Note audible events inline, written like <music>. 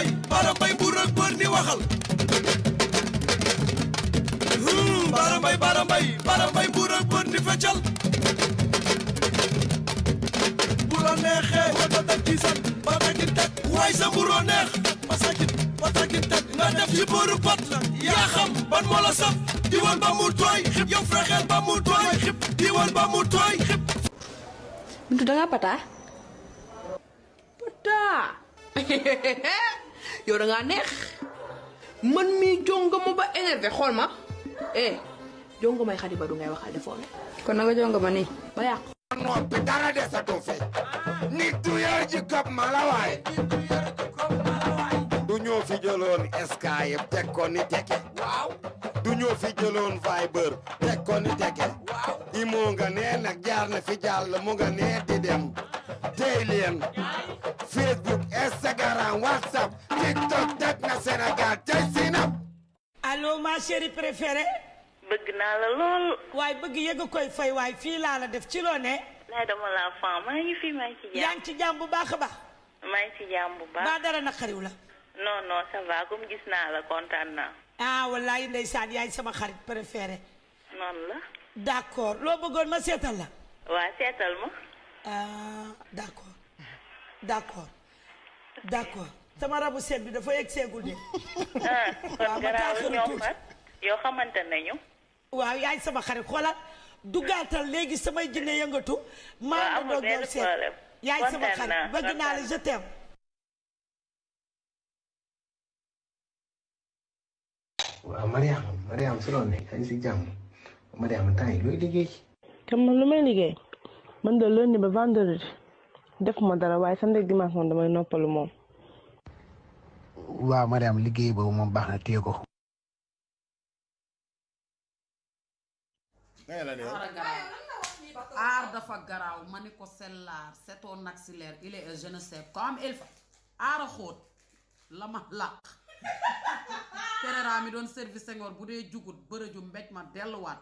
mbay baara mbay bu rëg bër ni waxal baara hmm, mbay baara mbay baara mbay bu rëg bër ni feccal bu la neexee wata tak ci san ba takin tak waay sa mburoo neex ba sakin ba takin tak nga def ci bëru pat la yaa xam ban moo la saf diwal ba mu tooy xib yow frexeel ba mu tooy xib diwal ba mu tooy xib bintu da nga pata pata <laughs> yow da ngaa neex man mii jonga ba énervé xool ma eh jonga may xadi ba du ngay waxal defoon kon na nga jonga ma nii ba yàq noppi dara fi nit du yor ji malawaay du ñoo fi jëloon eskaa yëpp teg du ñoo fi jëloon Viber teg ko ni nga nee nag jaar na fi jàll mu nga nee di dem tey leen Facebook WhatsApp Sénégal jay Sina. allo ma chérie préférée. bëgg naa la lool. waaye bëgg yëg koy fay waaye fii laa la def ci loo ne. ci jàmm. yaa ngi ci jàmm bu baax a baax. maa ngi ci jàmm bu baax. ba la. non non ça va comme gis naa la kontaan naa. ah wallaahi ndeysaan yaay sama xarit préféré. noonu la. d'accord loo bëggoon ma seetal la. waa seetal ma. Ah, d'accord d'accord. sama rabu seet bi dafa yegg see de. Ah, ah yoo xamante nañu. waaw yaay sama xarit xoolal dugaatal léegi samay jinne yëngatu. maa ngi doog yow seet yaay sama xarit bëgg naa la je t'aime. waaw Mariama Mariama su si jàmm Mariama temps yi looy liggéey. te man lu may liggéey man de lundi ba vendredi defuma dara waaye samedi dimanche moom damay noppalu moom. waaw madame liggéey boobu moom baax na téye ko. aar dafa garaaw ma ni ko sellaar c'est ton axillaire il est je ne sais comme il aara xóot la ma làq tereraa mi doon service Senghor bu dee jugut bërëju mbéj ma delluwaat